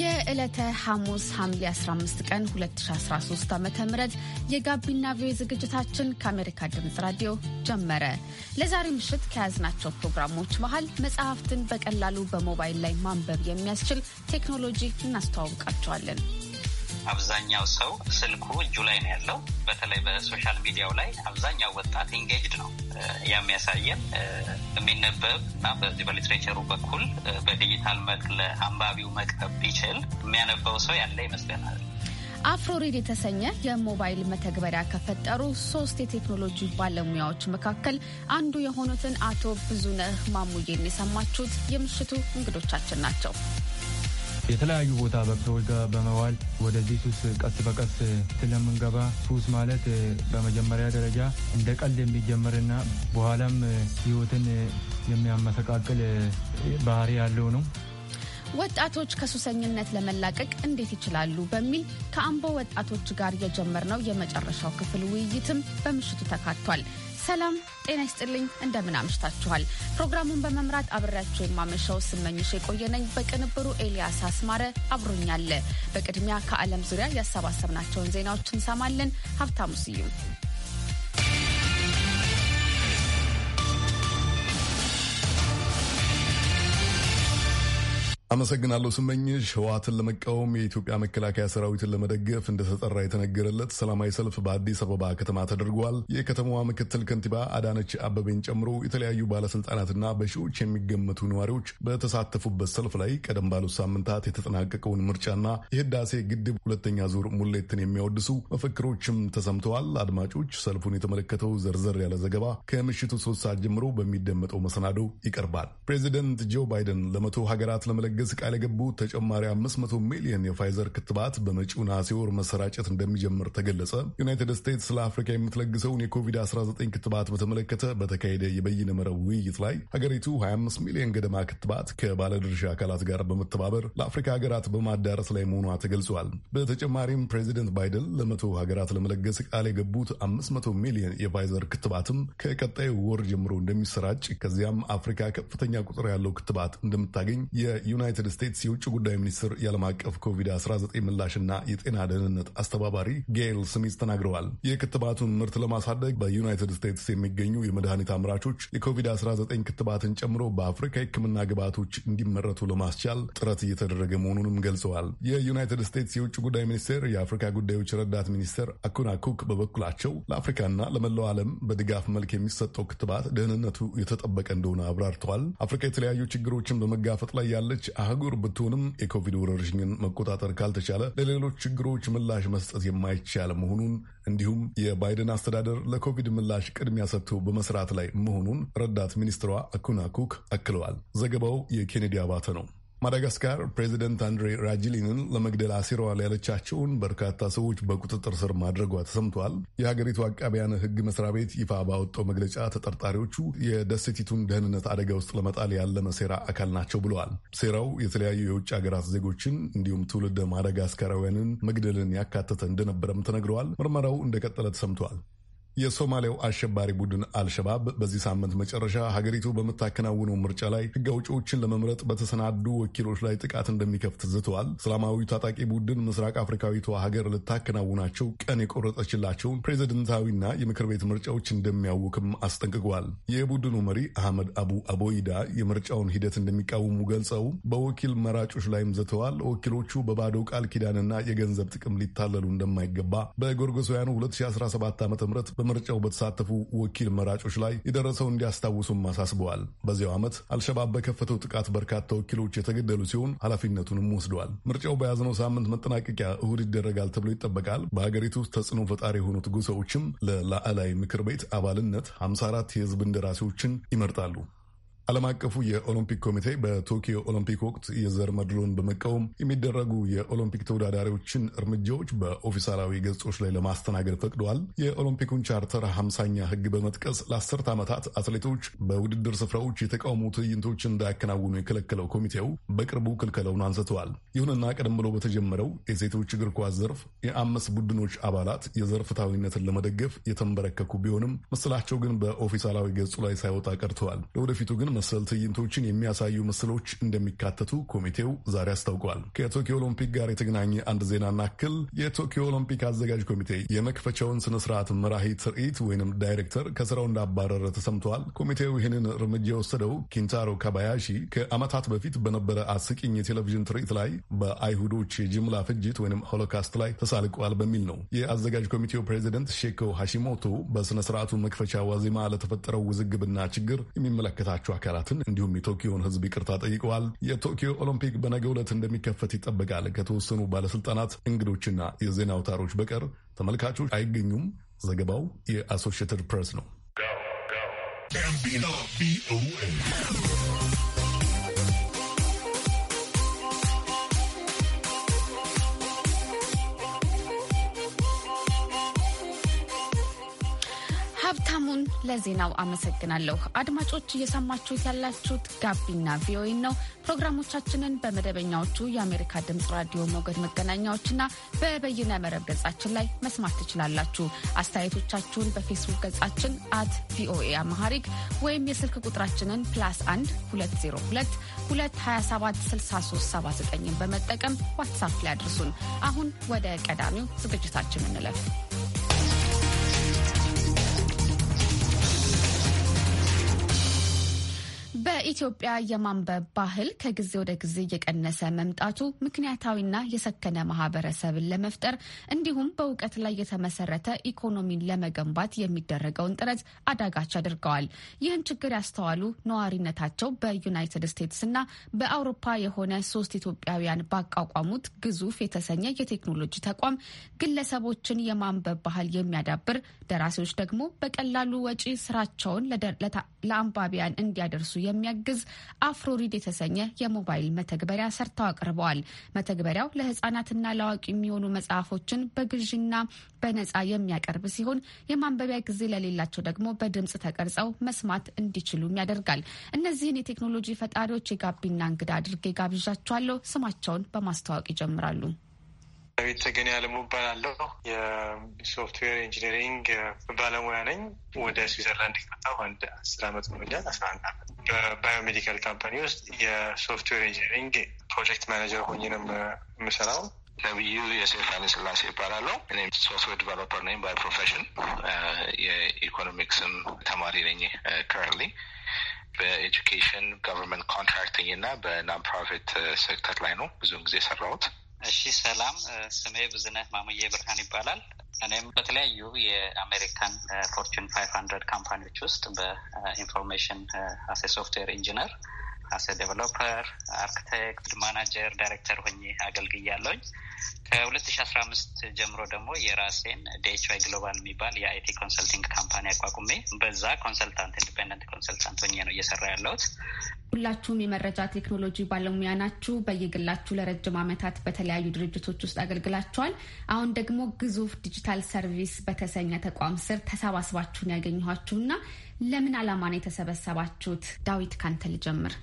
የዕለተ ሐሙስ ሐምሌ 15 ቀን 2013 ዓ ም የጋቢና ቪ ዝግጅታችን ከአሜሪካ ድምፅ ራዲዮ ጀመረ። ለዛሬ ምሽት ከያዝናቸው ፕሮግራሞች መሀል መጽሐፍትን በቀላሉ በሞባይል ላይ ማንበብ የሚያስችል ቴክኖሎጂ እናስተዋውቃቸዋለን። አብዛኛው ሰው ስልኩ እጁ ላይ ነው ያለው። በተለይ በሶሻል ሚዲያው ላይ አብዛኛው ወጣት ኢንጌጅድ ነው። የሚያሳየን የሚነበብ እና በዚህ በሊትሬቸሩ በኩል በዲጂታል መልክ ለአንባቢው መቅረብ ቢችል የሚያነበው ሰው ያለ ይመስለናል። አፍሮሪድ የተሰኘ የሞባይል መተግበሪያ ከፈጠሩ ሶስት የቴክኖሎጂ ባለሙያዎች መካከል አንዱ የሆኑትን አቶ ብዙነህ ማሙዬን የሰማችሁት የምሽቱ እንግዶቻችን ናቸው። የተለያዩ ቦታ በሰዎች ጋር በመዋል ወደዚህ ሱስ ቀስ በቀስ ስለምንገባ ሱስ ማለት በመጀመሪያ ደረጃ እንደ ቀልድ የሚጀምርና በኋላም ህይወትን የሚያመሰቃቅል ባህሪ ያለው ነው። ወጣቶች ከሱሰኝነት ለመላቀቅ እንዴት ይችላሉ? በሚል ከአምቦ ወጣቶች ጋር የጀመርነው የመጨረሻው ክፍል ውይይትም በምሽቱ ተካቷል። ሰላም ጤና ይስጥልኝ። እንደምን አምሽታችኋል። ፕሮግራሙን በመምራት አብሬያችሁ የማመሻው ስመኝሽ የቆየነኝ፣ በቅንብሩ ኤልያስ አስማረ አብሮኛለ። በቅድሚያ ከዓለም ዙሪያ ያሰባሰብናቸውን ዜናዎች እንሰማለን። ሀብታሙ ስዩም አመሰግናለሁ ስመኝሽ። ህወሓትን ለመቃወም የኢትዮጵያ መከላከያ ሰራዊትን ለመደገፍ እንደተጠራ የተነገረለት ሰላማዊ ሰልፍ በአዲስ አበባ ከተማ ተደርጓል። የከተማዋ ምክትል ከንቲባ አዳነች አበቤን ጨምሮ የተለያዩ ባለስልጣናትና በሺዎች የሚገመቱ ነዋሪዎች በተሳተፉበት ሰልፍ ላይ ቀደም ባሉት ሳምንታት የተጠናቀቀውን ምርጫና የህዳሴ ግድብ ሁለተኛ ዙር ሙሌትን የሚያወድሱ መፈክሮችም ተሰምተዋል። አድማጮች፣ ሰልፉን የተመለከተው ዘርዘር ያለ ዘገባ ከምሽቱ ሶስት ሰዓት ጀምሮ በሚደመጠው መሰናዶ ይቀርባል። ፕሬዚደንት ጆ ባይደን ለመቶ ሀገራት ለመለገስ መንግስት ቃል የገቡት ተጨማሪ 500 ሚሊዮን የፋይዘር ክትባት በመጪው ነሐሴ ወር መሰራጨት እንደሚጀምር ተገለጸ። ዩናይትድ ስቴትስ ለአፍሪካ የምትለግሰውን የኮቪድ-19 ክትባት በተመለከተ በተካሄደ የበይነ መረብ ውይይት ላይ ሀገሪቱ 25 ሚሊዮን ገደማ ክትባት ከባለድርሻ አካላት ጋር በመተባበር ለአፍሪካ ሀገራት በማዳረስ ላይ መሆኗ ተገልጿል። በተጨማሪም ፕሬዚደንት ባይደን ለመቶ ሀገራት ለመለገስ ቃል የገቡት 500 ሚሊዮን የፋይዘር ክትባትም ከቀጣዩ ወር ጀምሮ እንደሚሰራጭ ከዚያም አፍሪካ ከፍተኛ ቁጥር ያለው ክትባት እንደምታገኝ የዩናይትድ የዩናይትድ ስቴትስ የውጭ ጉዳይ ሚኒስትር የዓለም አቀፍ ኮቪድ-19 ምላሽና የጤና ደህንነት አስተባባሪ ጌል ስሚዝ ተናግረዋል። የክትባቱን ምርት ለማሳደግ በዩናይትድ ስቴትስ የሚገኙ የመድኃኒት አምራቾች የኮቪድ-19 ክትባትን ጨምሮ በአፍሪካ የሕክምና ግብዓቶች እንዲመረቱ ለማስቻል ጥረት እየተደረገ መሆኑንም ገልጸዋል። የዩናይትድ ስቴትስ የውጭ ጉዳይ ሚኒስቴር የአፍሪካ ጉዳዮች ረዳት ሚኒስትር አኩና ኩክ በበኩላቸው ለአፍሪካና ለመላው ዓለም በድጋፍ መልክ የሚሰጠው ክትባት ደህንነቱ የተጠበቀ እንደሆነ አብራርተዋል። አፍሪካ የተለያዩ ችግሮችን በመጋፈጥ ላይ ያለች አህጉር ብትሆንም የኮቪድ ወረርሽኝን መቆጣጠር ካልተቻለ ለሌሎች ችግሮች ምላሽ መስጠት የማይቻል መሆኑን እንዲሁም የባይደን አስተዳደር ለኮቪድ ምላሽ ቅድሚያ ሰጥቶ በመስራት ላይ መሆኑን ረዳት ሚኒስትሯ አኩና ኩክ አክለዋል። ዘገባው የኬኔዲ አባተ ነው። ማዳጋስካር ፕሬዚደንት አንድሬ ራጅሊንን ለመግደል አሲረዋል ያለቻቸውን በርካታ ሰዎች በቁጥጥር ስር ማድረጓ ተሰምተዋል። የሀገሪቱ አቃቢያን ሕግ መስሪያ ቤት ይፋ ባወጣው መግለጫ ተጠርጣሪዎቹ የደሴቲቱን ደህንነት አደጋ ውስጥ ለመጣል ያለመ ሴራ አካል ናቸው ብለዋል። ሴራው የተለያዩ የውጭ ሀገራት ዜጎችን እንዲሁም ትውልደ ማዳጋስካራውያንን መግደልን ያካተተ እንደነበረም ተነግረዋል። ምርመራው እንደቀጠለ ተሰምቷል። የሶማሊያው አሸባሪ ቡድን አልሸባብ በዚህ ሳምንት መጨረሻ ሀገሪቱ በምታከናውነው ምርጫ ላይ ሕግ ውጪዎችን ለመምረጥ በተሰናዱ ወኪሎች ላይ ጥቃት እንደሚከፍት ዝተዋል። እስላማዊ ታጣቂ ቡድን ምስራቅ አፍሪካዊቷ ሀገር ልታከናውናቸው ቀን የቆረጠችላቸውን ፕሬዚደንታዊና የምክር ቤት ምርጫዎች እንደሚያውክም አስጠንቅቋል። የቡድኑ መሪ አህመድ አቡ አቦይዳ የምርጫውን ሂደት እንደሚቃወሙ ገልጸው በወኪል መራጮች ላይም ዝተዋል። ወኪሎቹ በባዶ ቃል ኪዳንና የገንዘብ ጥቅም ሊታለሉ እንደማይገባ በጎርጎሳውያኑ 2017 ዓ ም በምርጫው በተሳተፉ ወኪል መራጮች ላይ የደረሰው እንዲያስታውሱም አሳስበዋል። በዚያው ዓመት አልሸባብ በከፈተው ጥቃት በርካታ ወኪሎች የተገደሉ ሲሆን ኃላፊነቱንም ወስደዋል። ምርጫው በያዝነው ሳምንት መጠናቀቂያ እሁድ ይደረጋል ተብሎ ይጠበቃል። በሀገሪቱ ውስጥ ተጽዕኖ ፈጣሪ የሆኑት ጉሰዎችም ለላዕላይ ምክር ቤት አባልነት 54 የህዝብ እንደራሴዎችን ይመርጣሉ። ዓለም አቀፉ የኦሎምፒክ ኮሚቴ በቶኪዮ ኦሎምፒክ ወቅት የዘር መድሎን በመቃወም የሚደረጉ የኦሎምፒክ ተወዳዳሪዎችን እርምጃዎች በኦፊሳላዊ ገጾች ላይ ለማስተናገድ ፈቅደዋል። የኦሎምፒኩን ቻርተር ሀምሳኛ ሕግ በመጥቀስ ለአስርት ዓመታት አትሌቶች በውድድር ስፍራዎች የተቃውሞ ትዕይንቶችን እንዳያከናውኑ የከለከለው ኮሚቴው በቅርቡ ክልከለውን አንስተዋል። ይሁንና ቀደም ብሎ በተጀመረው የሴቶች እግር ኳስ ዘርፍ የአምስት ቡድኖች አባላት የዘር ፍትሐዊነትን ለመደገፍ የተንበረከኩ ቢሆንም ምስላቸው ግን በኦፊሳላዊ ገጹ ላይ ሳይወጣ ቀርተዋል። ለወደፊቱ ግን መሰል ትዕይንቶችን የሚያሳዩ ምስሎች እንደሚካተቱ ኮሚቴው ዛሬ አስታውቋል። ከቶኪዮ ኦሎምፒክ ጋር የተገናኘ አንድ ዜናና ክል የቶኪዮ ኦሎምፒክ አዘጋጅ ኮሚቴ የመክፈቻውን ስነስርዓት መራሂ ትርኢት ወይም ዳይሬክተር ከስራው እንዳባረረ ተሰምተዋል። ኮሚቴው ይህንን እርምጃ የወሰደው ኪንታሮ ካባያሺ ከዓመታት በፊት በነበረ አስቂኝ የቴሌቪዥን ትርኢት ላይ በአይሁዶች የጅምላ ፍጅት ወይም ሆሎካስት ላይ ተሳልቋል በሚል ነው። የአዘጋጅ ኮሚቴው ፕሬዚደንት ሼኮ ሃሺሞቶ በስነስርዓቱ መክፈቻ ዋዜማ ለተፈጠረው ውዝግብና ችግር የሚመለከታቸው አካል አካላትን እንዲሁም የቶኪዮን ህዝብ ይቅርታ ጠይቀዋል። የቶኪዮ ኦሎምፒክ በነገ ዕለት እንደሚከፈት ይጠበቃል። ከተወሰኑ ባለስልጣናት፣ እንግዶችና የዜና አውታሮች በቀር ተመልካቾች አይገኙም። ዘገባው የአሶሽትድ ፕሬስ ነው። ለዜናው አመሰግናለሁ። አድማጮች እየሰማችሁት ያላችሁት ጋቢና ቪኦኤ ነው። ፕሮግራሞቻችንን በመደበኛዎቹ የአሜሪካ ድምጽ ራዲዮ ሞገድ መገናኛዎችና በበይነ መረብ ገጻችን ላይ መስማት ትችላላችሁ። አስተያየቶቻችሁን በፌስቡክ ገጻችን አት ቪኦኤ አማሃሪክ ወይም የስልክ ቁጥራችንን ፕላስ 1 202 6379 በመጠቀም ዋትሳፕ ላይ አድርሱን። አሁን ወደ ቀዳሚው ዝግጅታችን እንለፍ። በኢትዮጵያ የማንበብ ባህል ከጊዜ ወደ ጊዜ እየቀነሰ መምጣቱ ምክንያታዊና የሰከነ ማህበረሰብን ለመፍጠር እንዲሁም በእውቀት ላይ የተመሰረተ ኢኮኖሚን ለመገንባት የሚደረገውን ጥረት አዳጋች አድርገዋል። ይህን ችግር ያስተዋሉ ነዋሪነታቸው በዩናይትድ ስቴትስና በአውሮፓ የሆነ ሶስት ኢትዮጵያውያን ባቋቋሙት ግዙፍ የተሰኘ የቴክኖሎጂ ተቋም ግለሰቦችን የማንበብ ባህል የሚያዳብር ደራሲዎች ደግሞ በቀላሉ ወጪ ስራቸውን ለአንባቢያን እንዲያደርሱ የሚያ የሚያግዝ አፍሮሪድ የተሰኘ የሞባይል መተግበሪያ ሰርተው አቅርበዋል። መተግበሪያው ለህጻናትና ለአዋቂ የሚሆኑ መጽሐፎችን በግዥና በነጻ የሚያቀርብ ሲሆን የማንበቢያ ጊዜ ለሌላቸው ደግሞ በድምጽ ተቀርጸው መስማት እንዲችሉም ያደርጋል። እነዚህን የቴክኖሎጂ ፈጣሪዎች የጋቢና እንግዳ አድርጌ ጋብዣቸዋለሁ። ስማቸውን በማስተዋወቅ ይጀምራሉ። ቤት ተገን ያለሙ እባላለሁ። የሶፍትዌር ኢንጂኒሪንግ ባለሙያ ነኝ። ወደ ስዊዘርላንድ የመጣሁ አንድ አስር አመት ሆኖኛል። አስራ አንድ አመት በባዮሜዲካል ካምፓኒ ውስጥ የሶፍትዌር ኢንጂኒሪንግ ፕሮጀክት ማኔጀር ሆኜ ነው የምሰራው። ነብዩ የሴት አሊ ስላሴ ይባላለሁ። እኔም ሶፍትዌር ዲቨሎፐር ነኝ ባይ ፕሮፌሽን። የኢኮኖሚክስም ተማሪ ነኝ ከረንትሊ በኤጁኬሽን፣ ጋቨርንመንት ኮንትራክቲንግ እና በናን በናንፕሮፊት ሴክተር ላይ ነው ብዙውን ጊዜ የሰራሁት። እሺ ሰላም፣ ስሜ ብዝነህ ማሙዬ ብርሃን ይባላል። እኔም በተለያዩ የአሜሪካን ፎርቹን ፋይቭ ሀንድረድ ካምፓኒዎች ውስጥ በኢንፎርሜሽን አሴ ሶፍትዌር ኢንጂነር አሰ ዴቨሎፐር፣ አርክቴክት፣ ማናጀር፣ ዳይሬክተር ሆኜ አገልግያለሁኝ። ከሁለት ሺ አስራ አምስት ጀምሮ ደግሞ የራሴን ዲኤችዋይ ግሎባል የሚባል የአይቲ ኮንሰልቲንግ ካምፓኒ አቋቁሜ በዛ ኮንሰልታንት ኢንዲፔንደንት ኮንሰልታንት ሆኜ ነው እየሰራ ያለሁት። ሁላችሁም የመረጃ ቴክኖሎጂ ባለሙያ ናችሁ። በየግላችሁ ለረጅም ዓመታት በተለያዩ ድርጅቶች ውስጥ አገልግላችኋል። አሁን ደግሞ ግዙፍ ዲጂታል ሰርቪስ በተሰኘ ተቋም ስር ተሰባስባችሁን ያገኘኋችሁ እና ለምን ዓላማ ነው የተሰበሰባችሁት? ዳዊት ካንተ ልጀምር።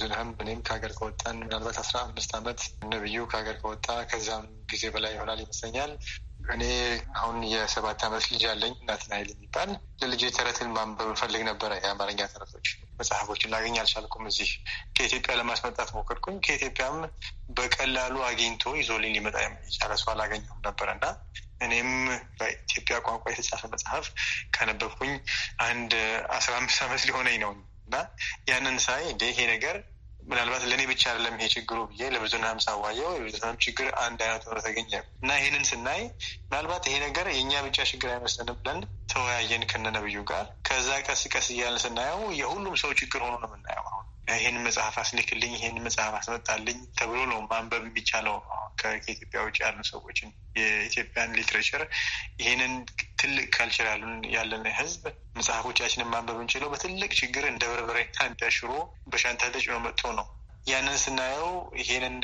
ዙልህም እኔም ከሀገር ከወጣን ምናልባት አስራ አምስት አመት ነብዩ ከሀገር ከወጣ ከዚያም ጊዜ በላይ ይሆናል ይመስለኛል። እኔ አሁን የሰባት አመት ልጅ አለኝ እናትና ይል የሚባል ለልጅ ተረትን ማንበብ እንፈልግ ነበረ። የአማርኛ ተረቶች መጽሐፎችን ላገኝ አልቻልኩም። እዚህ ከኢትዮጵያ ለማስመጣት ሞከርኩኝ። ከኢትዮጵያም በቀላሉ አግኝቶ ይዞልኝ ሊመጣ የቻለ ሰው አላገኘሁም ነበረ እና እኔም በኢትዮጵያ ቋንቋ የተጻፈ መጽሐፍ ከነበብኩኝ አንድ አስራ አምስት አመት ሊሆነኝ ነው እና ያንን ሳይ እንደ ይሄ ነገር ምናልባት ለእኔ ብቻ አይደለም ይሄ ችግሩ ብዬ ለብዙን ሀምሳ ዋየው የብዙንም ችግር አንድ አይነት ሆኖ ተገኘ እና ይሄንን ስናይ ምናልባት ይሄ ነገር የእኛ ብቻ ችግር አይመስለንም ብለን ተወያየን ከነነብዩ ጋር። ከዛ ቀስ ቀስ እያለን ስናየው የሁሉም ሰው ችግር ሆኖ ነው የምናየው። አሁን ይህን መጽሐፍ አስልክልኝ፣ ይህን መጽሐፍ አስመጣልኝ ተብሎ ነው ማንበብ የሚቻለው ከኢትዮጵያ ውጭ ያሉ ሰዎችን የኢትዮጵያን ሊትሬቸር ይህንን ትልቅ ካልቸር ያለን ህዝብ መጽሐፎቻችንን ማንበብ እንችለው በትልቅ ችግር እንደ በርበሬና እንደ ሽሮ በሻንታ ተጭኖ መጥቶ ነው። ያንን ስናየው ይሄንን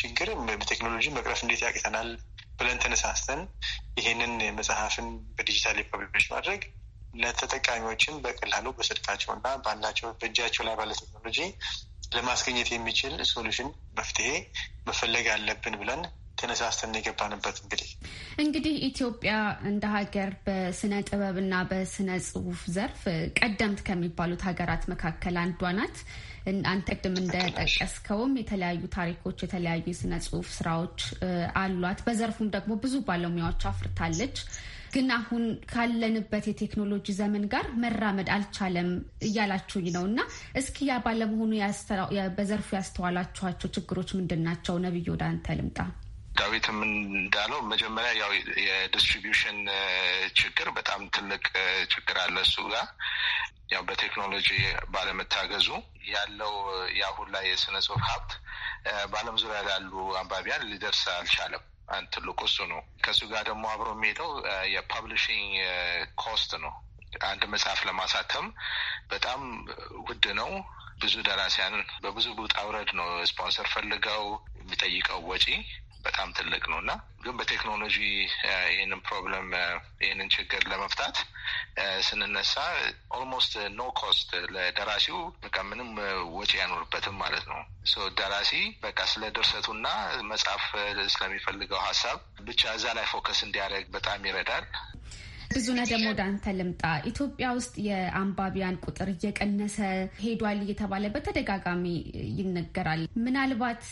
ችግር በቴክኖሎጂ መቅረፍ እንዴት ያቅተናል ብለን ተነሳስተን ይሄንን መጽሐፍን በዲጂታል ፐብሊሽ ማድረግ ለተጠቃሚዎችን በቀላሉ በስልካቸው እና ባላቸው በእጃቸው ላይ ባለ ቴክኖሎጂ ለማስገኘት የሚችል ሶሉሽን መፍትሄ መፈለግ አለብን ብለን ተነሳስተን የገባንበት እንግዲህ እንግዲህ ኢትዮጵያ እንደ ሀገር በስነ ጥበብ በስነ ጽሁፍ ዘርፍ ቀደምት ከሚባሉት ሀገራት መካከል አንዷ ናት። አንተ ቅድም እንደጠቀስከውም የተለያዩ ታሪኮች፣ የተለያዩ የስነ ጽሁፍ ስራዎች አሏት። በዘርፉም ደግሞ ብዙ ባለሙያዎች አፍርታለች። ግን አሁን ካለንበት የቴክኖሎጂ ዘመን ጋር መራመድ አልቻለም እያላችሁኝ ነው እና እስኪ ያ ባለመሆኑ በዘርፉ ያስተዋላችኋቸው ችግሮች ምንድን ናቸው? ነብዩ ወደ አንተ ልምጣ። ዳዊትም እንዳለው መጀመሪያ ያው የዲስትሪቢሽን ችግር በጣም ትልቅ ችግር አለ እሱ ጋር ያው በቴክኖሎጂ ባለመታገዙ ያለው የአሁን ላይ የስነ ጽሁፍ ሀብት በዓለም ዙሪያ ላሉ አንባቢያን ሊደርስ አልቻለም። አንድ ትልቁ እሱ ነው። ከእሱ ጋር ደግሞ አብሮ የሚሄደው የፐብሊሽንግ ኮስት ነው። አንድ መጽሐፍ ለማሳተም በጣም ውድ ነው። ብዙ ደራሲያን በብዙ ውጣ ውረድ ነው ስፖንሰር ፈልገው የሚጠይቀው ወጪ በጣም ትልቅ ነው እና ግን በቴክኖሎጂ ይህንን ፕሮብለም ይህንን ችግር ለመፍታት ስንነሳ ኦልሞስት ኖ ኮስት ለደራሲው በቃ ምንም ወጪ አይኖርበትም ማለት ነው። ደራሲ በቃ ስለ ድርሰቱና መጽሐፍ ስለሚፈልገው ሀሳብ ብቻ እዛ ላይ ፎከስ እንዲያደርግ በጣም ይረዳል። ብዙነህ ደግሞ ወደ አንተ ልምጣ። ኢትዮጵያ ውስጥ የአንባቢያን ቁጥር እየቀነሰ ሄዷል እየተባለ በተደጋጋሚ ይነገራል። ምናልባት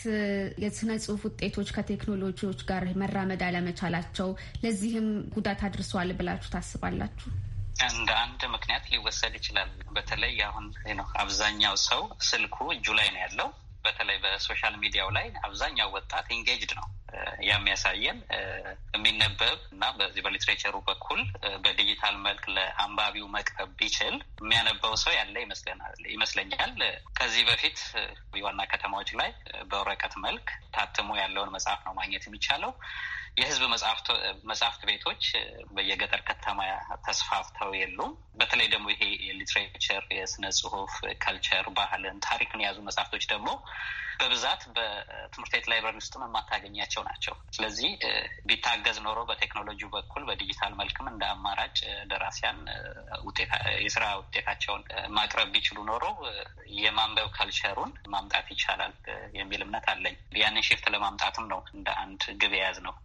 የስነ ጽሁፍ ውጤቶች ከቴክኖሎጂዎች ጋር መራመድ አለመቻላቸው ለዚህም ጉዳት አድርሰዋል ብላችሁ ታስባላችሁ? እንደ አንድ ምክንያት ሊወሰድ ይችላል። በተለይ አሁን አብዛኛው ሰው ስልኩ እጁ ላይ ነው ያለው። በተለይ በሶሻል ሚዲያው ላይ አብዛኛው ወጣት ኢንጌጅድ ነው የሚያሳየን የሚነበብ እና በዚህ በሊትሬቸሩ በኩል በዲጂታል መልክ ለአንባቢው መቅረብ ቢችል የሚያነበው ሰው ያለ ይመስለኛል። ከዚህ በፊት ዋና ከተማዎች ላይ በወረቀት መልክ ታትሞ ያለውን መጽሐፍ ነው ማግኘት የሚቻለው። የህዝብ መጽሐፍት ቤቶች በየገጠር ከተማ ተስፋፍተው የሉም። በተለይ ደግሞ ይሄ የሊትሬቸር የስነ ጽሁፍ ከልቸር፣ ባህልን፣ ታሪክን የያዙ መጽሐፍቶች ደግሞ በብዛት በትምህርት ቤት ላይብረሪ ውስጥም የማታገኛቸው ናቸው። ስለዚህ ቢታገዝ ኖሮ በቴክኖሎጂ በኩል በዲጂታል መልክም እንደ አማራጭ ደራሲያን የስራ ውጤታቸውን ማቅረብ ቢችሉ ኖሮ የማንበብ ካልቸሩን ማምጣት ይቻላል የሚል እምነት አለኝ። ያንን ሽፍት ለማምጣትም ነው እንደ አንድ ግብ የያዝ ነው።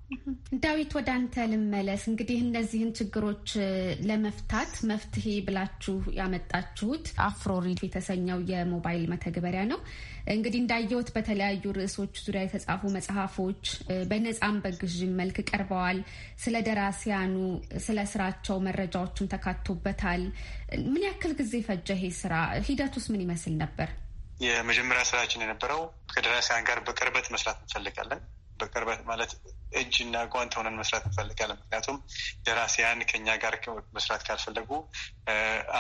ዳዊት ወደ አንተ ልመለስ። እንግዲህ እነዚህን ችግሮች ለመፍታት መፍትሄ ብላችሁ ያመጣችሁት አፍሮሪድ የተሰኘው የሞባይል መተግበሪያ ነው። እንግዲህ እንዳየሁት በተለያዩ ርዕሶች ዙሪያ የተጻፉ መጽሐፎች በነጻም በግዥም መልክ ቀርበዋል። ስለ ደራሲያኑ፣ ስለ ስራቸው መረጃዎችም ተካቶበታል። ምን ያክል ጊዜ ፈጀ ይሄ ስራ? ሂደቱስ ምን ይመስል ነበር? የመጀመሪያ ስራችን የነበረው ከደራሲያን ጋር በቅርበት መስራት እንፈልጋለን በቅርበት ማለት እጅና ጓንት ሆነን መስራት እንፈልጋለን። ምክንያቱም ደራሲያን ከኛ ጋር መስራት ካልፈለጉ፣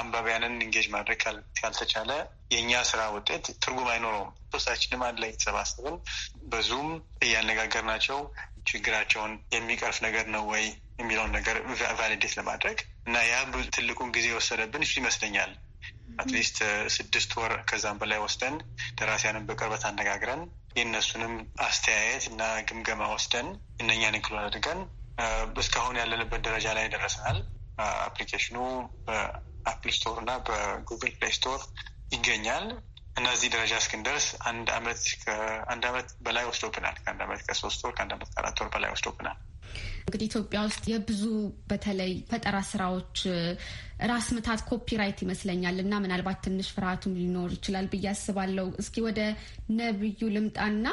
አንባቢያንን እንጌጅ ማድረግ ካልተቻለ የእኛ ስራ ውጤት ትርጉም አይኖረውም። ሶስታችንም አንድ ላይ የተሰባሰብን በዙም እያነጋገርናቸው ችግራቸውን የሚቀርፍ ነገር ነው ወይ የሚለውን ነገር ቫሊዴት ለማድረግ እና ያ ትልቁን ጊዜ የወሰደብን ይመስለኛል። አትሊስት ስድስት ወር ከዛም በላይ ወስደን ደራሲያንን በቅርበት አነጋግረን የእነሱንም አስተያየት እና ግምገማ ወስደን እነኛን ኢንክሉድ አድርገን እስካሁን ያለንበት ደረጃ ላይ ደረሰናል። አፕሊኬሽኑ በአፕል ስቶር እና በጉግል ፕሌይ ስቶር ይገኛል እነዚህ እዚህ ደረጃ እስክንደርስ አንድ አመት ከአንድ አመት በላይ ወስዶብናል። ከአንድ አመት ከሶስት ወር ከአንድ አመት ከአራት ወር በላይ ወስዶብናል። ኢትዮጵያ ውስጥ የብዙ በተለይ ፈጠራ ስራዎች ራስ ምታት ኮፒራይት ይመስለኛል እና ምናልባት ትንሽ ፍርሃቱም ሊኖር ይችላል ብዬ አስባለሁ። እስኪ ወደ ነብዩ ልምጣና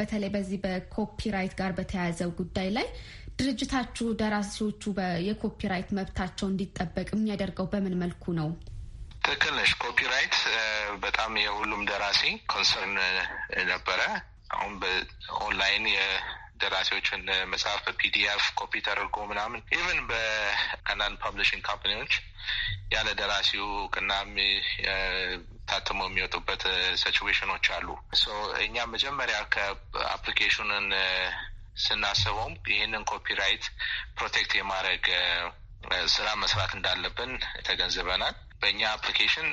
በተለይ በዚህ በኮፒራይት ጋር በተያያዘው ጉዳይ ላይ ድርጅታችሁ ደራሲዎቹ የኮፒራይት መብታቸው እንዲጠበቅ የሚያደርገው በምን መልኩ ነው? ትክክል ነሽ። ኮፒራይት በጣም የሁሉም ደራሲ ኮንሰርን ነበረ። አሁን በኦንላይን ደራሲዎችን መጽሐፍ በፒዲኤፍ ኮፒ ተደርጎ ምናምን ኢቨን በአንዳንድ ፐብሊሽንግ ካምፓኒዎች ያለ ደራሲው ቅናም ታትሞ የሚወጡበት ሲቹዌሽኖች አሉ። እኛ መጀመሪያ ከአፕሊኬሽኑን ስናስበውም ይህንን ኮፒራይት ፕሮቴክት የማድረግ ስራ መስራት እንዳለብን ተገንዝበናል። በእኛ አፕሊኬሽን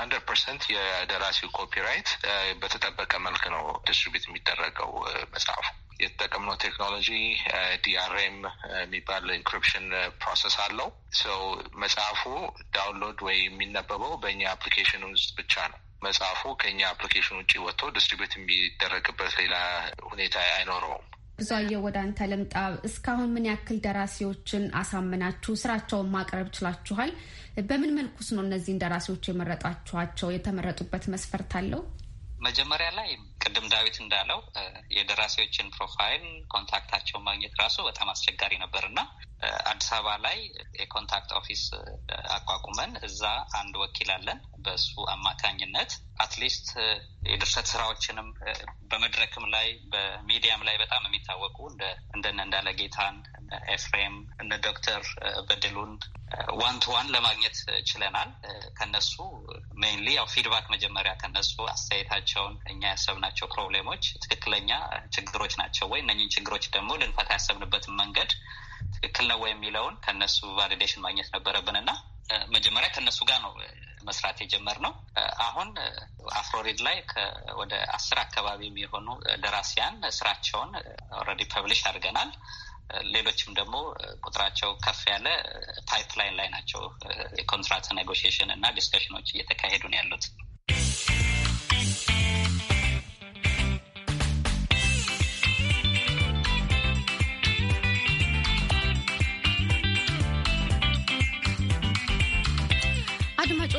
ሀንድረድ ፐርሰንት የደራሲው ኮፒራይት በተጠበቀ መልክ ነው ዲስትሪቢዩት የሚደረገው መጽሐፉ። የተጠቀምነው ቴክኖሎጂ ዲአርኤም የሚባል ኢንክሪፕሽን ፕሮሰስ አለው። ሰው መጽሐፉ ዳውንሎድ ወይ የሚነበበው በእኛ አፕሊኬሽን ውስጥ ብቻ ነው። መጽሐፉ ከእኛ አፕሊኬሽን ውጭ ወጥቶ ዲስትሪቢዩት የሚደረግበት ሌላ ሁኔታ አይኖረውም። ብዙ ወደ አንተ ልምጣ። እስካሁን ምን ያክል ደራሲዎችን አሳምናችሁ ስራቸውን ማቅረብ ችላችኋል? በምን መልኩስ ነው እነዚህን ደራሲዎች የመረጣችኋቸው? የተመረጡበት መስፈርት አለው? መጀመሪያ ላይ ቅድም ዳዊት እንዳለው የደራሲዎችን ፕሮፋይል ኮንታክታቸውን ማግኘት ራሱ በጣም አስቸጋሪ ነበር እና አዲስ አበባ ላይ የኮንታክት ኦፊስ አቋቁመን እዛ አንድ ወኪል አለን። በሱ አማካኝነት አትሊስት የድርሰት ስራዎችንም በመድረክም ላይ በሚዲያም ላይ በጣም የሚታወቁ እንደነ እንዳለ ጌታን፣ ኤፍሬም፣ እነ ዶክተር በድሉን ዋን ቱ ዋን ለማግኘት ችለናል። ከነሱ ሜይንሊ ያው ፊድባክ መጀመሪያ ከነሱ አስተያየታቸውን እኛ ያሰብናቸው ፕሮብሌሞች ትክክለኛ ችግሮች ናቸው ወይ እነኝን ችግሮች ደግሞ ልንፈታ ያሰብንበትን መንገድ ትክክል ነው የሚለውን ከነሱ ቫሊዴሽን ማግኘት ነበረብን እና መጀመሪያ ከነሱ ጋር ነው መስራት የጀመርነው። አሁን አፍሮሪድ ላይ ወደ አስር አካባቢ የሚሆኑ ደራሲያን ስራቸውን ኦልሬዲ ፐብሊሽ አድርገናል። ሌሎችም ደግሞ ቁጥራቸው ከፍ ያለ ፓይፕላይን ላይ ናቸው። የኮንትራት ኔጎሽሽን እና ዲስካሽኖች እየተካሄዱ ነው ያሉት።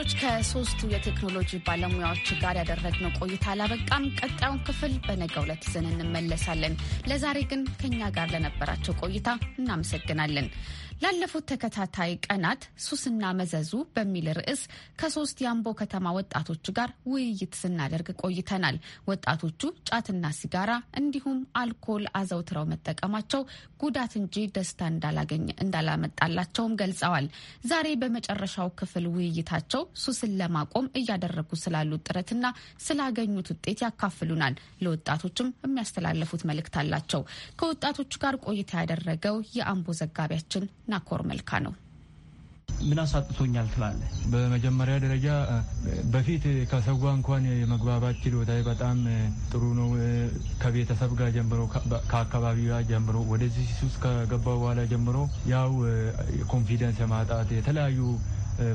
አድማጮች ከሶስቱ የቴክኖሎጂ ባለሙያዎች ጋር ያደረግነው ቆይታ አላበቃም። ቀጣዩን ክፍል በነገ ዕለት ይዘን እንመለሳለን። ለዛሬ ግን ከኛ ጋር ለነበራቸው ቆይታ እናመሰግናለን። ላለፉት ተከታታይ ቀናት ሱስና መዘዙ በሚል ርዕስ ከሶስት የአምቦ ከተማ ወጣቶች ጋር ውይይት ስናደርግ ቆይተናል። ወጣቶቹ ጫትና ሲጋራ እንዲሁም አልኮል አዘውትረው መጠቀማቸው ጉዳት እንጂ ደስታ እንዳላገኝ እንዳላመጣላቸውም ገልጸዋል። ዛሬ በመጨረሻው ክፍል ውይይታቸው ሱስን ለማቆም እያደረጉ ስላሉት ጥረትና ስላገኙት ውጤት ያካፍሉናል። ለወጣቶችም የሚያስተላለፉት መልእክት አላቸው። ከወጣቶቹ ጋር ቆይታ ያደረገው የአምቦ ዘጋቢያችን ናኮር መልካ ነው። ምን አሳጥቶኛል ትላለ? በመጀመሪያ ደረጃ በፊት ከሰዋ እንኳን የመግባባት ችሎታ በጣም ጥሩ ነው። ከቤተሰብ ጋር ጀምሮ ከአካባቢ ጋር ጀምሮ ወደዚህ ሱስ ከገባ በኋላ ጀምሮ ያው ኮንፊደንስ የማጣት የተለያዩ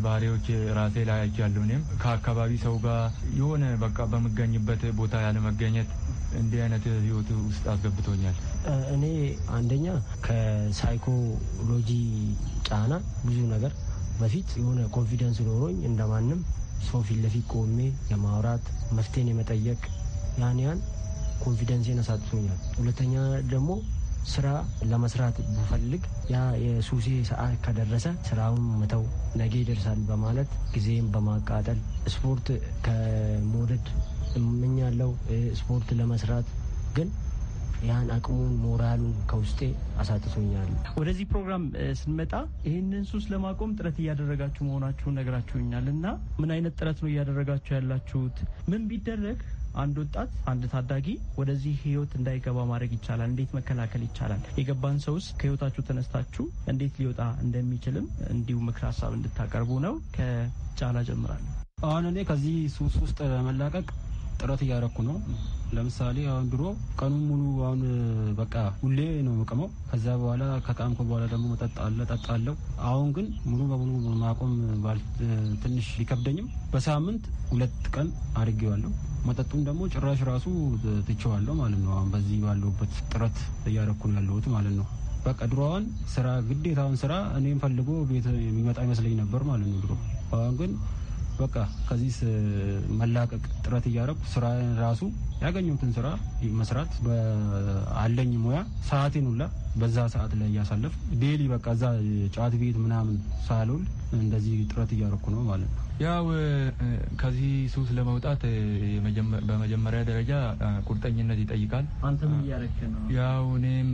ባህሪዎች ራሴ ላይ አይቻለሁ። እኔም ከአካባቢ ሰው ጋር የሆነ በቃ በምገኝበት ቦታ ያለመገኘት እንዲህ አይነት ህይወት ውስጥ አስገብቶኛል። እኔ አንደኛ ከሳይኮሎጂ ጫና ብዙ ነገር በፊት የሆነ ኮንፊደንስ ኖሮኝ እንደማንም ሰው ፊት ለፊት ቆሜ የማውራት መፍትሄን የመጠየቅ ያን ያን ኮንፊደንሴን አሳጥቶኛል። ሁለተኛ ደግሞ ስራ ለመስራት ብፈልግ ያ የሱሴ ሰዓት ከደረሰ ስራውን መተው ነገ ይደርሳል በማለት ጊዜም በማቃጠል ስፖርት ከመውደድ እመኛለው ስፖርት ለመስራት ግን ያን አቅሙን ሞራሉን ከውስጤ አሳጥቶኛል። ወደዚህ ፕሮግራም ስንመጣ ይህንን ሱስ ለማቆም ጥረት እያደረጋችሁ መሆናችሁን ነግራችሁኛል እና ምን አይነት ጥረት ነው እያደረጋችሁ ያላችሁት? ምን ቢደረግ አንድ ወጣት አንድ ታዳጊ ወደዚህ ህይወት እንዳይገባ ማድረግ ይቻላል? እንዴት መከላከል ይቻላል? የገባን ውስጥ ከህይወታችሁ ተነስታችሁ እንዴት ሊወጣ እንደሚችልም እንዲሁ ምክር ሀሳብ እንድታቀርቡ ነው። ከጫላ ጀምራለሁ። አሁን እኔ ከዚህ ሱስ ውስጥ ለመላቀቅ ጥረት እያረኩ ነው። ለምሳሌ አሁን ድሮ ቀኑን ሙሉ አሁን በቃ ሁሌ ነው የምቅመው። ከዛ በኋላ ከቃምኩ በኋላ ደግሞ መጠጥ አለ ጠጣለሁ። አሁን ግን ሙሉ በሙሉ ማቆም ትንሽ ሊከብደኝም በሳምንት ሁለት ቀን አድርጌዋለሁ። መጠጡም ደግሞ ጭራሽ ራሱ ትቼዋለሁ ማለት ነው። አሁን በዚህ ባለሁበት ጥረት እያረኩ ነው ያለሁት ማለት ነው። በቃ ድሮዋን ስራ ግዴታውን ስራ እኔም ፈልጎ ቤት የሚመጣ ይመስለኝ ነበር ማለት ነው ድሮ። አሁን ግን በቃ ከዚህ መላቀቅ ጥረት እያደረኩ ስራ ራሱ ያገኘሁትን ስራ መስራት አለኝ ሙያ ሰዓቴን ሁላ በዛ ሰዓት ላይ እያሳለፍ ዴሊ በቃ እዛ ጫት ቤት ምናምን ሳልውል እንደዚህ ጥረት እያደረኩ ነው ማለት ነው። ያው ከዚህ ሱስ ለመውጣት በመጀመሪያ ደረጃ ቁርጠኝነት ይጠይቃል። አንተ ምን እያደረክ ነው? ያው እኔም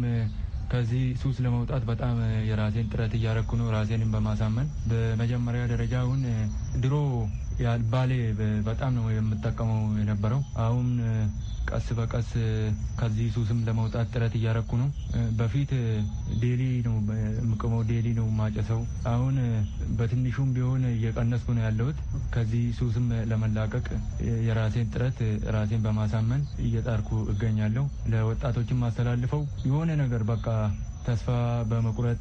ከዚህ ሱስ ለመውጣት በጣም የራሴን ጥረት እያረኩ ነው። ራሴንም በማሳመን በመጀመሪያ ደረጃ አሁን ድሮ ባሌ በጣም ነው የምጠቀመው የነበረው። አሁን ቀስ በቀስ ከዚህ ሱስም ለመውጣት ጥረት እያረኩ ነው። በፊት ዴሊ ነው የምቅመው፣ ዴሊ ነው ማጨሰው። አሁን በትንሹም ቢሆን እየቀነስኩ ነው ያለሁት። ከዚህ ሱስም ለመላቀቅ የራሴን ጥረት ራሴን በማሳመን እየጣርኩ እገኛለሁ። ለወጣቶችም አስተላልፈው የሆነ ነገር በቃ ተስፋ በመቁረጥ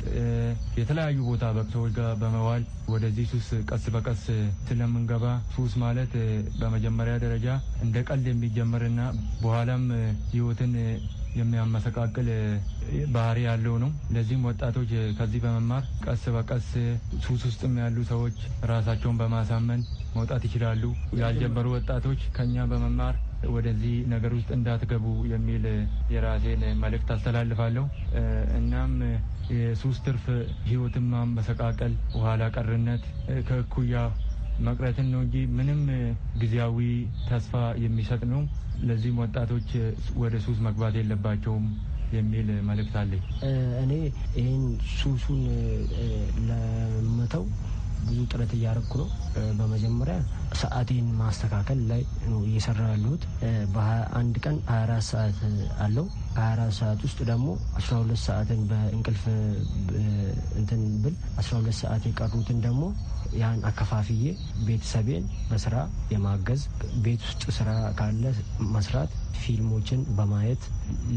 የተለያዩ ቦታ በሰዎች ጋር በመዋል ወደዚህ ሱስ ቀስ በቀስ ስለምንገባ ሱስ ማለት በመጀመሪያ ደረጃ እንደ ቀልድ የሚጀምርና በኋላም ህይወትን የሚያመሰቃቅል ባህሪ ያለው ነው። ለዚህም ወጣቶች ከዚህ በመማር ቀስ በቀስ ሱስ ውስጥም ያሉ ሰዎች ራሳቸውን በማሳመን መውጣት ይችላሉ። ያልጀመሩ ወጣቶች ከኛ በመማር ወደዚህ ነገር ውስጥ እንዳትገቡ የሚል የራሴን መልእክት አስተላልፋለሁ። እናም የሱስ ትርፍ ህይወትማ መሰቃቀል ኋላ ቀርነት፣ ከእኩያ መቅረትን ነው እንጂ ምንም ጊዜያዊ ተስፋ የሚሰጥ ነው። ለዚህም ወጣቶች ወደ ሱስ መግባት የለባቸውም የሚል መልእክት አለኝ። እኔ ይህን ሱሱን ለመተው ብዙ ጥረት እያደረኩ ነው። በመጀመሪያ ሰዓቴን ማስተካከል ላይ ነው እየሰራ ያለሁት። በሀያ ቀን 24 ሰዓት አለው 24 ሰዓት ውስጥ ደግሞ 12 ሰዓትን በእንቅልፍ እንትን ብል 12 ሰዓት የቀሩትን ደግሞ ያን አከፋፍዬ ቤተሰቤን በስራ የማገዝ ቤት ውስጥ ስራ ካለ መስራት፣ ፊልሞችን በማየት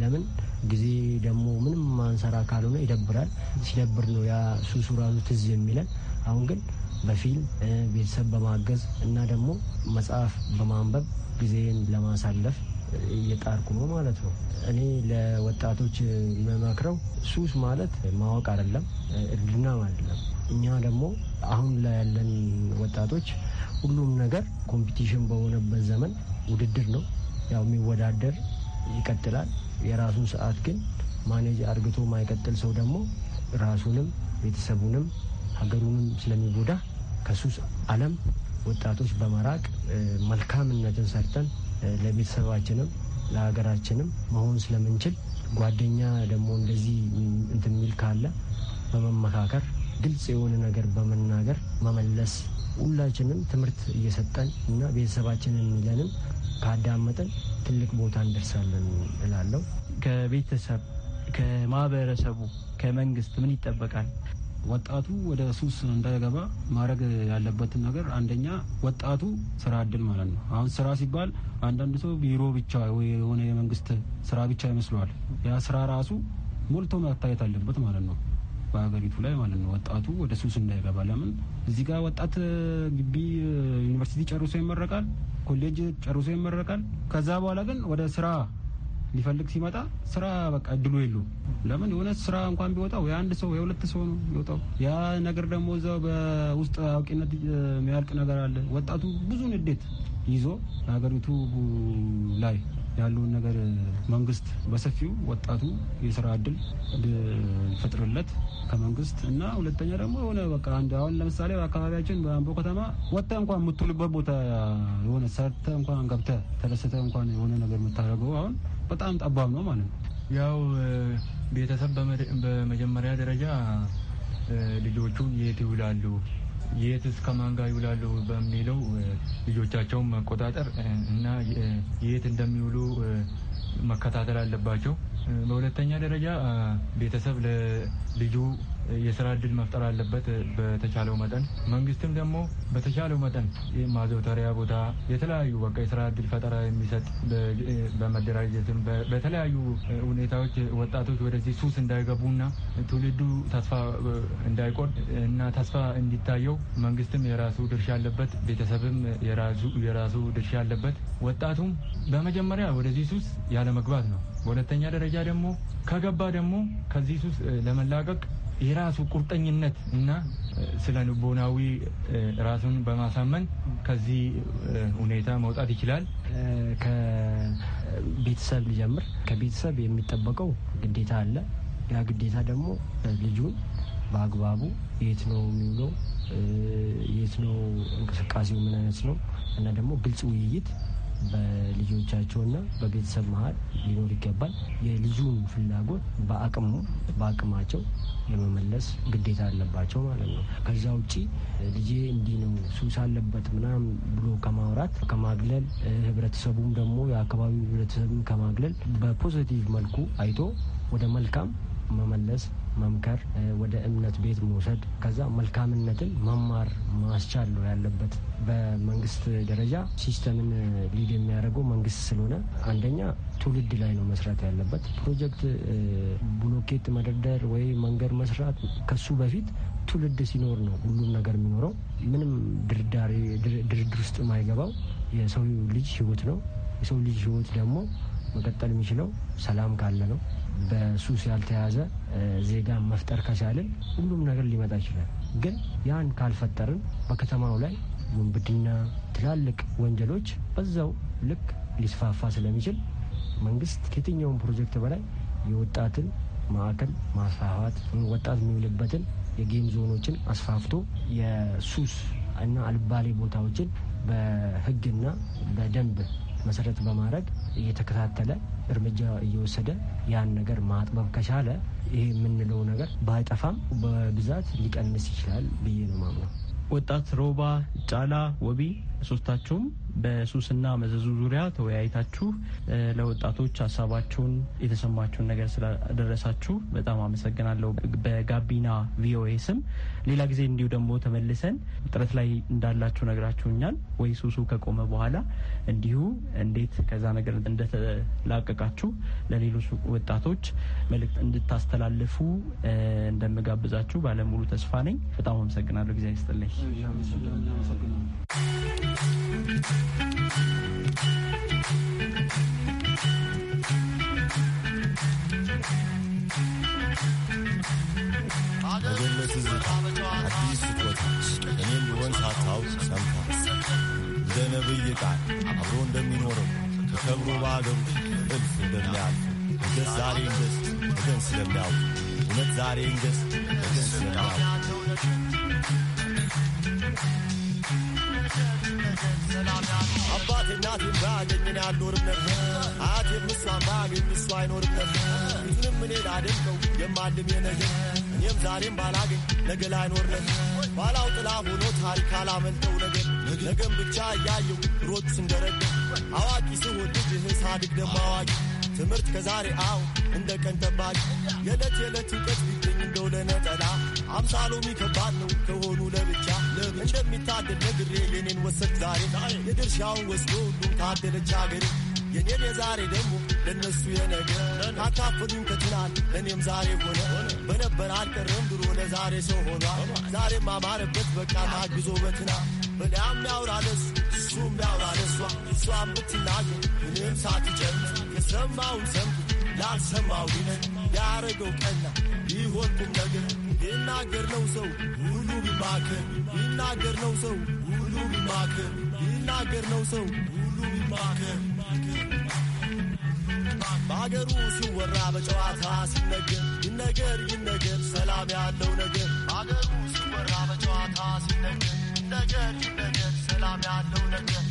ለምን ጊዜ ደግሞ ምንም ማንሰራ ካልሆነ ይደብራል። ሲደብር ነው ያ ሱሱ ራሱ ትዝ የሚለን። አሁን ግን በፊልም ቤተሰብ በማገዝ እና ደግሞ መጽሐፍ በማንበብ ጊዜን ለማሳለፍ እየጣርኩ ነው ማለት ነው። እኔ ለወጣቶች የምመክረው ሱስ ማለት ማወቅ አይደለም፣ እርድናም አይደለም። እኛ ደግሞ አሁን ላይ ያለን ወጣቶች ሁሉም ነገር ኮምፒቲሽን በሆነበት ዘመን ውድድር ነው። ያው የሚወዳደር ይቀጥላል። የራሱን ሰዓት ግን ማኔጅ አርግቶ ማይቀጥል ሰው ደግሞ ራሱንም ቤተሰቡንም ሀገሩንም ስለሚጎዳ ከሱስ ዓለም ወጣቶች በመራቅ መልካምነትን ሰርተን ለቤተሰባችንም ለሀገራችንም መሆን ስለምንችል ጓደኛ ደግሞ እንደዚህ እንትን የሚል ካለ በመመካከር ግልጽ የሆነ ነገር በመናገር መመለስ ሁላችንም ትምህርት እየሰጠን እና ቤተሰባችንን የሚለንም ካዳመጠን ትልቅ ቦታ እንደርሳለን እላለሁ። ከቤተሰብ ከማህበረሰቡ ከመንግስት ምን ይጠበቃል? ወጣቱ ወደ ሱስ እንዳይገባ ማድረግ ያለበትን ነገር አንደኛ ወጣቱ ስራ እድል ማለት ነው። አሁን ስራ ሲባል አንዳንድ ሰው ቢሮ ብቻ የሆነ የመንግስት ስራ ብቻ ይመስለዋል። ያ ስራ ራሱ ሞልቶ መታየት አለበት ማለት ነው፣ በሀገሪቱ ላይ ማለት ነው። ወጣቱ ወደ ሱስ እንዳይገባ ለምን እዚህ ጋር ወጣት ግቢ ዩኒቨርሲቲ ጨርሶ ይመረቃል፣ ኮሌጅ ጨርሶ ይመረቃል። ከዛ በኋላ ግን ወደ ስራ ሊፈልግ ሲመጣ ስራ በቃ እድሉ የለው። ለምን የሆነ ስራ እንኳን ቢወጣው የአንድ ሰው የሁለት ሰው ነው ይወጣው። ያ ነገር ደግሞ እዛው በውስጥ አዋቂነት የሚያልቅ ነገር አለ። ወጣቱ ብዙ ንዴት ይዞ ሀገሪቱ ላይ ያለውን ነገር መንግስት በሰፊው ወጣቱ የስራ እድል ፈጥርለት ከመንግስት እና ሁለተኛ ደግሞ የሆነ በቃ አንድ አሁን ለምሳሌ አካባቢያችን በአምቦ ከተማ ወጥተ እንኳን የምትውልበት ቦታ የሆነ ሰርተ እንኳን ገብተ ተደስተ እንኳን የሆነ ነገር የምታደርገው አሁን በጣም ጠባብ ነው ማለት ነው። ያው ቤተሰብ በመጀመሪያ ደረጃ ልጆቹ የት ይውላሉ፣ የትስ እስከ ጋር ይውላሉ በሚለው ልጆቻቸውን መቆጣጠር እና የት እንደሚውሉ መከታተል አለባቸው። በሁለተኛ ደረጃ ቤተሰብ ለልጁ የስራ እድል መፍጠር አለበት በተቻለው መጠን። መንግስትም ደግሞ በተቻለው መጠን ማዘውተሪያ ቦታ የተለያዩ በቃ የስራ እድል ፈጠራ የሚሰጥ በመደራጀትም በተለያዩ ሁኔታዎች ወጣቶች ወደዚህ ሱስ እንዳይገቡና ትውልዱ ተስፋ እንዳይቆርጥ እና ተስፋ እንዲታየው መንግስትም የራሱ ድርሻ አለበት፣ ቤተሰብም የራሱ ድርሻ አለበት። ወጣቱም በመጀመሪያ ወደዚህ ሱስ ያለመግባት ነው። በሁለተኛ ደረጃ ደግሞ ከገባ ደግሞ ከዚህ ሱስ ለመላቀቅ የራሱ ቁርጠኝነት እና ስለ ልቦናዊ ራሱን በማሳመን ከዚህ ሁኔታ መውጣት ይችላል። ከቤተሰብ ሊጀምር ከቤተሰብ የሚጠበቀው ግዴታ አለ። ያ ግዴታ ደግሞ ልጁን በአግባቡ የት ነው የሚውለው፣ የት ነው እንቅስቃሴው፣ ምን አይነት ነው እና ደግሞ ግልጽ ውይይት በልጆቻቸውና በቤተሰብ መሀል ሊኖር ይገባል። የልጁን ፍላጎት በአቅሙ በአቅማቸው የመመለስ ግዴታ አለባቸው ማለት ነው። ከዛ ውጪ ልጄ እንዲህ ነው ሱስ አለበት ምናምን ብሎ ከማውራት ከማግለል፣ ህብረተሰቡም ደግሞ የአካባቢው ህብረተሰብን ከማግለል በፖዘቲቭ መልኩ አይቶ ወደ መልካም መመለስ፣ መምከር፣ ወደ እምነት ቤት መውሰድ፣ ከዛ መልካምነትን መማር ማስቻል ነው ያለበት። በመንግስት ደረጃ ሲስተምን ሊድ የሚያደርገው መንግስት ስለሆነ አንደኛ ትውልድ ላይ ነው መስራት ያለበት። ፕሮጀክት ብሎኬት መደርደር ወይ መንገድ መስራት ከሱ በፊት ትውልድ ሲኖር ነው ሁሉም ነገር የሚኖረው። ምንም ድርድር ውስጥ የማይገባው የሰው ልጅ ህይወት ነው። የሰው ልጅ ህይወት ደግሞ መቀጠል የሚችለው ሰላም ካለ ነው። በሱስ ያልተያዘ ዜጋ መፍጠር ከቻልን ሁሉም ነገር ሊመጣ ይችላል። ግን ያን ካልፈጠርን በከተማው ላይ ውንብድና፣ ትላልቅ ወንጀሎች በዛው ልክ ሊስፋፋ ስለሚችል መንግስት ከየትኛውም ፕሮጀክት በላይ የወጣትን ማዕከል ማስፋፋት ወጣት የሚውልበትን የጌም ዞኖችን አስፋፍቶ የሱስ እና አልባሌ ቦታዎችን በህግና በደንብ መሰረት በማድረግ እየተከታተለ እርምጃ እየወሰደ ያን ነገር ማጥበብ ከቻለ ይሄ የምንለው ነገር ባይጠፋም በብዛት ሊቀንስ ይችላል ብዬ ነው ማምነው። ወጣት ሮባ ጫላ ወቢ ሶስታችሁም በሱስና መዘዙ ዙሪያ ተወያይታችሁ ለወጣቶች ሀሳባችሁን የተሰማችሁን ነገር ስላደረሳችሁ በጣም አመሰግናለሁ። በጋቢና ቪኦኤ ስም ሌላ ጊዜ እንዲሁ ደግሞ ተመልሰን ጥረት ላይ እንዳላችሁ ነግራችሁኛል ወይ ሱሱ ከቆመ በኋላ እንዲሁ እንዴት ከዛ ነገር እንደተላቀቃችሁ ለሌሎች ወጣቶች መልእክት እንድታስተላልፉ እንደምጋብዛችሁ ባለሙሉ ተስፋ ነኝ። በጣም አመሰግናለሁ። ጊዜ ይስጥልኝ። በገነት ዝታ አዲስ ስጦታ እኔም ቢሆን ሳታውቅ ሰምታ እንደ አብሮ እንደሚኖረው ከከብሮ በአገሩ እልፍ እንደሚያልፍ እገት ዛሬ እንገስ እገን ስለሚያውቅ እውነት ዛሬ እንገስ እገን አባት እናቴም ባገኝን ያልኖርም ነበር አያቴ ምሳማ የሚሱ አይኖርም ነበር። ፊቱንም እኔ ላደምቀው የማልም የነገር እኔም ዛሬም ባላገኝ ነገ ላይኖር ነበር። ባላው ጥላ ሆኖ ታሪክ አላመልጠው ነገር ነገም ብቻ እያየው ሮጥ ስንደረገ አዋቂ ስሆን ልጅ ሳድግ ደሞ አዋቂ ትምህርት ከዛሬ አው እንደ ቀን ጠባቂ የዕለት የዕለት እውቀት ቢገኝ እንደው ለነጠላ አምሳ ሎሚ ከባድ ነው ከሆኑ ለብቻ ለብቻ የሚታደል ነግሬ የኔን ወሰድ ዛሬ የድርሻውን ወስዶ ሁሉም ታደለች ሀገሬ የኔን የዛሬ ደግሞ ለነሱ የነገ አካፍሉኝ ከትናንት እኔም ዛሬ ሆነ በነበር አልቀረም ብሎ ለዛሬ ሰው ሆኗል። ዛሬ ማማረበት በቃ ታግዞ በትና በሊያም ያውራለስ እሱም ያውራለሷ እሷ የምትናገር ምንም ሳትጨርስ የሰማውን ሰምቶ ላልሰማው ይነ ያረገው ቀና ይሆንኩም ነገር ይናገር ነው ሰው ሁሉ ቢማከር ይናገር ነው ሰው ሁሉ ቢማከር ይናገር ነው ሰው ሁሉ ቢማከር በአገሩ ሲወራ በጨዋታ ሲነገር ይነገር ይነገር ሰላም ያለው ነገር በአገሩ ሲወራ በጨዋታ ሲነገር ይነገር ይነገር ሰላም ያለው ነገር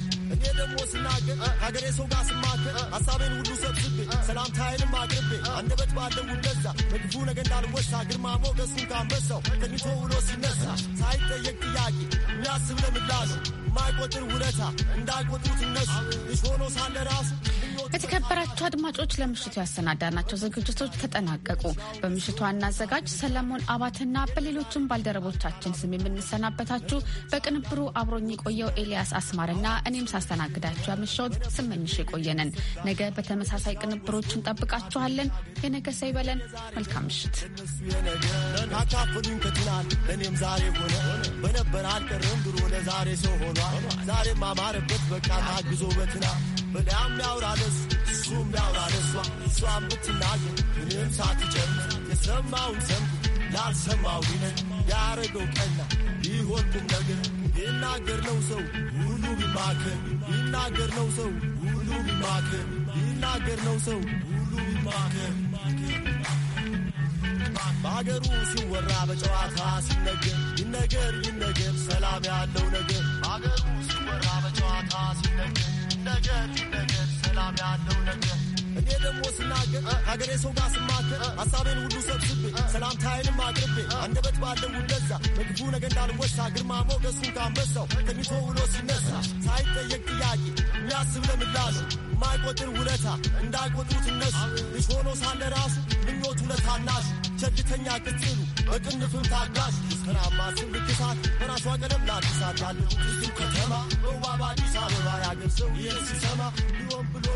ደግሞ ስናገር ሀገሬ ሰው ጋር ስማከር ሀሳቤን ሁሉ ሰብስቤ ሰላምታዬንም አቅርቤ አንደበት ባለው እንደዛ በክፉ ነገ እንዳልወሳ ግርማ ሞገሱን ካንበሳው ተኝቶ ውሎ ሲነሳ ሳይጠየቅ ጥያቄ የሚያስብ ለምላሹ የማይቆጥር ውለታ እንዳይቆጥሩት እነሱ ልጅ ሆኖ ሳለ ራሱ የተከበራቸው አድማጮች ለምሽቱ ያሰናዳናቸው ዝግጅቶች ተጠናቀቁ። በምሽቱ ዋና አዘጋጅ ሰለሞን አባትና በሌሎችም ባልደረቦቻችን ስም የምንሰናበታችሁ በቅንብሩ አብሮኝ የቆየው ኤልያስ አስማርና እኔም ሳስተናግዳችሁ ያመሸሁት ስመኝሽ የቆየንን ነገ በተመሳሳይ ቅንብሮች እንጠብቃችኋለን። የነገ ሰው ይበለን። መልካም ምሽት። እኔም ዛሬ ሆነ በነበር አልቀረም ብሎ ለዛሬ ሰው ሆኗል። ዛሬም አማረበት በቃ ታግዞ በትና በዳም ያውራለስ እሱም ያውራለሷ እሷም ብትናገር ምንም ሳትጨምር የሰማውን ሰምቶ ላልሰማው ይነት ያረገው ቀና ይሆንኩም ነገር ይናገር ነው ሰው ሁሉ ቢማከር ይናገር ነው ሰው ሁሉ ቢማከር ይናገር ነው ሰው ሁሉ ቢማከር በሀገሩ ሲወራ በጨዋታ ሲነገር ይነገር ይነገር ሰላም ያለው ነገር በሀገሩ ሲወራ በጨዋታ ሲነገር ነገ ፊት ሰላም ያለው እኔ ደግሞ ስናገር ሀገሬ ሰው ጋር ስማከር ሀሳቤን ሁሉ ሰብስቤ ሰላምታዬንም አቅርቤ አንደበት ባለው ውለዛ በክፉ ነገር እንዳልወሳ ግርማ ሞገሱን ካንበሳው ተኝቶ ውሎ ሲነሳ ሳይጠየቅ ጥያቄ የሚያስብ ለምላሹ የማይቆጥር ውለታ እንዳይቆጥሩት እነሱ ልጅ ሆኖ ሳለ ራሱ ምኞት ውለታ ናሹ ቸልተኛ ቅጽሉ በቅንፍም ታጋሽ ስራማ ስም ልግሳት በራሷ ቀደም ላዲሳት ያለሁት ከተማ በዋባ አዲስ አበባ ያገር ሰው ይህን ሲሰማ ሊሆን ብሎ